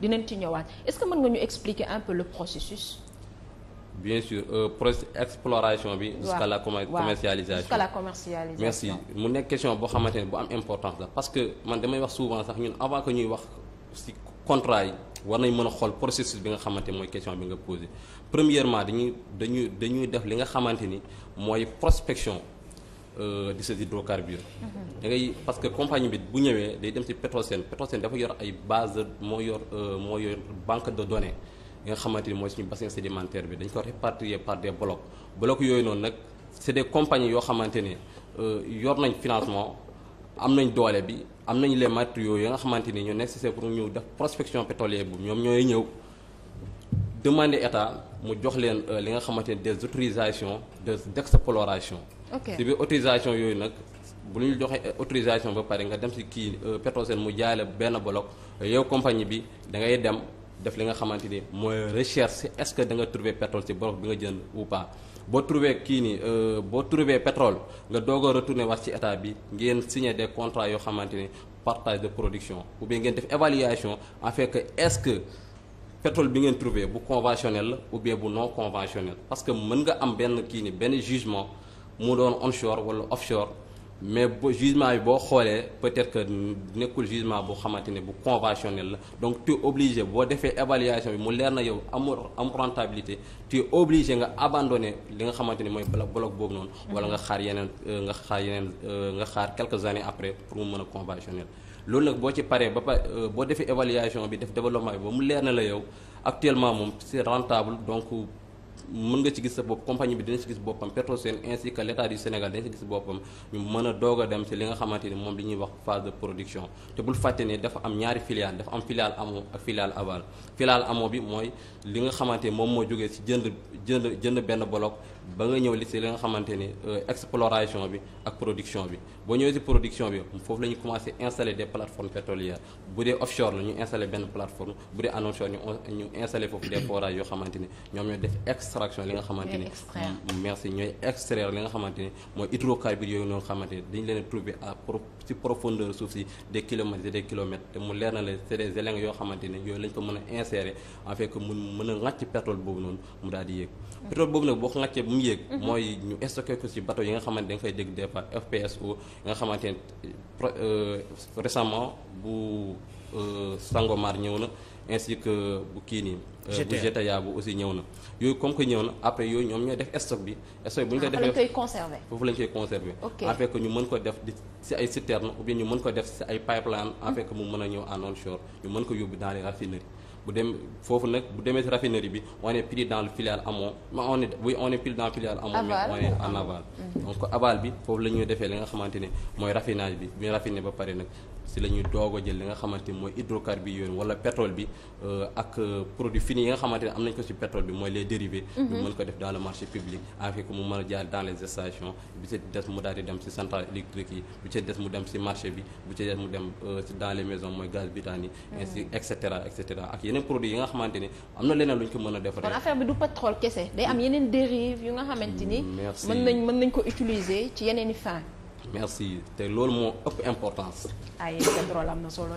dinañ ci ñëwaat est-ce que mën nga ñu expliquer un peu le processus. bien sûr euh, process exploration bi. waaw jusqu'à la commercialisation jusqu'à la commercialisation. merci mu nekk question boo xamante ne bu am importance la parce que man damay wax souvent sax ñun avant que ñuy wax ci contrat yi war nañ mën a xool processus bi nga xamante mooy question bi nga posé premièrement dañuy dañuy dañuy def li nga xamante ni mooy prospection. Euh, di ses hydrocarbures da ngay parce que compagnie bi bu ñëwee day dem ci Petrosen Petrosen dafa yor ay base moo yor euh, moo yor banque de données yi nga xamante ni mooy suñu bassin sédimentaire bi dañ ko répartir par des blocs blocs yooyu noonu nag c'est des compagnies yoo xamante ne euh, yor nañ financement am nañ doole bi am nañ les matériaux yi nga xamante ni ñoo nécessaire pour ñëw def prospection pétrolière bi ñoom ñooy ñëw demander état mu jox leen li nga xamante ne des autorisations de d'exploration ok si biir autorisation yooyu nag bu lu ñu joxe autorisation ba pare nga dem si kii euh, Petrosen mu jaay la benn bloc yow compagnie bi da ngay dem def li nga xamante ni mooy recherche est-ce que da nga trouver pétrole ci bloc bi nga jën ou pas. boo trouvé kii nii euh, boo trouvé pétrole nga doog a retourné wax ci état bi ngeen signé des contrat yoo xamante ni partage de production ou bien ngeen def évaluation en fait est-ce que pétrole bi ngeen trouvé bu conventionnel la ou bu non conventionnel parce que mën nga am benn kii benn jugement. mu doon onshore wala offshore mais bu jugement bi boo xoolee peut-être que nekkul jugement boo xamante ne bu conventionnel la donc tu es obligé boo defee évaluation bi mu leer na yow amul am rentabilité tu es nga abandonner li nga xamante ni mooy bloc boobu noonu. Mm-hmm. wala nga xaar yeneen euh, nga xaar yeneen euh, nga xaar quelques années après pour mu mën a conventionnel. loolu nag boo ci paree ba pare euh, boo defee évaluation bi def développement bi ba mu leer na la yow actuellement moom c'est rentable donc. mën nga ci gis sa bopp compagnie bi dina ci gis boppam Petrosen ainsi que l' état du Sénégal dina ci gis boppam ñu mën a doog dem ci li nga xamante ni moom li ñuy wax phase de production te bul fàtte ne dafa am ñaari filiale dafa am filiale amoo ak filiale aval filiale amoo bi mooy li nga xamante moom moo jógee ci jënd jënd jënd benn bloc ba nga ñëw li li nga xamante euh, exploration bi ak production bi boo ñëwee si production bi foofu la ñu commencé installer de plateformes pétrolières bu dee offshore la ñu installer benn plateforme bu dee onshore ñu ñu installer foofu des forages yoo xamante ni ñoom ñooy def extraction li nga xamante ni mm, mm, merci ñooy extraire li nga xamante ni mooy hydrocarbures yooyu noonu xamante ni dañ leen trouver à si profondeur suuf si des kilomètres et des kilomètres te mu leer na la c'est des éléments yoo xamante lañ ko mën a insérer en fait que mun mën a ŋàcc noonu mu daal di mu mhm. mooy ñu stocké ko ci bato yi nga xamante danga nga fay dégg des fois FPSO nga xamante ne euh, récemment bu euh, Sangomar ñëw na ainsi que bu kii nii euh, bu GTA bu aussi ñëw na yooyu comme que ñëw na après yooyu ñoom ñooy def stock bi stock bi bu ñu ah, koy defee foofu lañ koy conserver en ñu mën ko def di ci ay citerne ou bien ñu mën ko def ci ay pipeline en fait que mu mën a ñëw en onshore ñu mën ko yóbbu dans les raffineries bu dem foofu nag bu demee si raffinerie bi on est pris dans le filial amont mais on est oui on est pris dans le filial amont mais on est en mm-hmm. bi foofu la ñuy defee la nga xamante ne mooy raffinage bi bu ñu raffiné ba pare nag si la ñuy doog jël li nga xamante mooy hydrocarbures wala pétrole bi euh, ak euh, produit fini yi nga xamante ne am nañ ko si pétrole bi mooy les dérivés mhm. ñu ko def dans le marché public afin que mu mën a jaar dans les stations bi dem si centrale des mu dem si bi bu ci des mu dem euh, dans les maisons mooy gaz butane yi ainsi mhm. et cetera et cetera ak yeneen produits yi nga xamante ne am na leneen luñ ko mën a defaree kon affaire bi du pétrole kese day am mm. yeneen dérive yu nga xamante ni mën nañ ko utiliser ci yeneen i fin merci te loolu moo ëpp importance. ay pétrole am na solo.